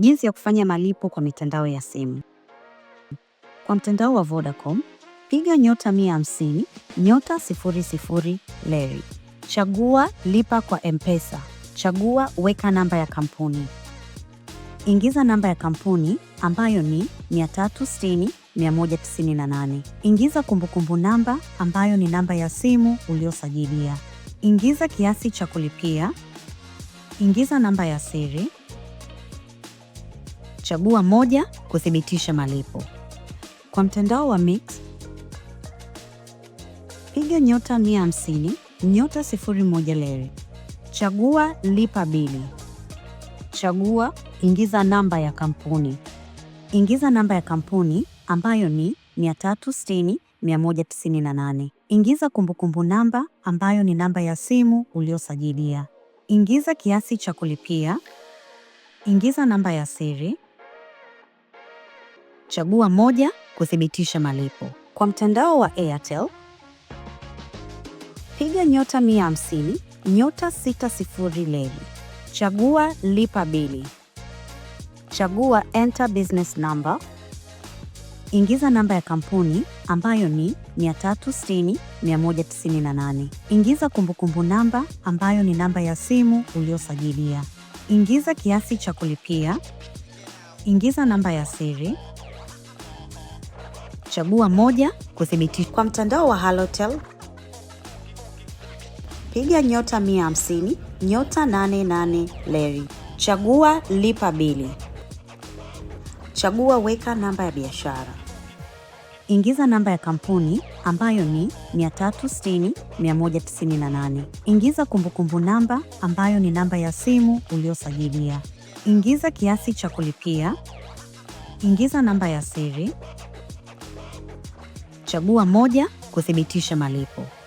Jinsi ya kufanya malipo kwa mitandao ya simu. Kwa mtandao wa Vodacom, piga nyota 150 nyota 00 leri, chagua lipa kwa M-Pesa, chagua weka namba ya kampuni, ingiza namba ya kampuni ambayo ni 360198, ingiza kumbukumbu namba ambayo ni namba ya simu uliosajilia, ingiza kiasi cha kulipia, ingiza namba ya siri Chagua moja kuthibitisha malipo. Kwa mtandao wa Mix, piga nyota 150 nyota 01 leli, chagua lipa bili, chagua ingiza namba ya kampuni, ingiza namba ya kampuni ambayo ni 360 198. Ingiza kumbukumbu namba ambayo ni namba ya simu uliosajilia. Ingiza kiasi cha kulipia. Ingiza namba ya siri. Chagua moja kuthibitisha malipo. Kwa mtandao wa Airtel, piga nyota 150 nyota 60 leli, chagua lipa bili, chagua enter business number, ingiza namba ya kampuni ambayo ni 360198, ingiza kumbukumbu namba ambayo ni namba ya simu uliyosajilia, ingiza kiasi cha kulipia, ingiza namba ya siri Chagua moja kuthibitisha. Kwa mtandao wa Halotel piga nyota 150 nyota 88 leri, chagua lipa bili, chagua weka namba ya biashara, ingiza namba ya kampuni ambayo ni 360198, ingiza kumbukumbu namba ambayo ni namba ya simu uliyosajilia, ingiza kiasi cha kulipia, ingiza namba ya siri Chagua moja kuthibitisha malipo.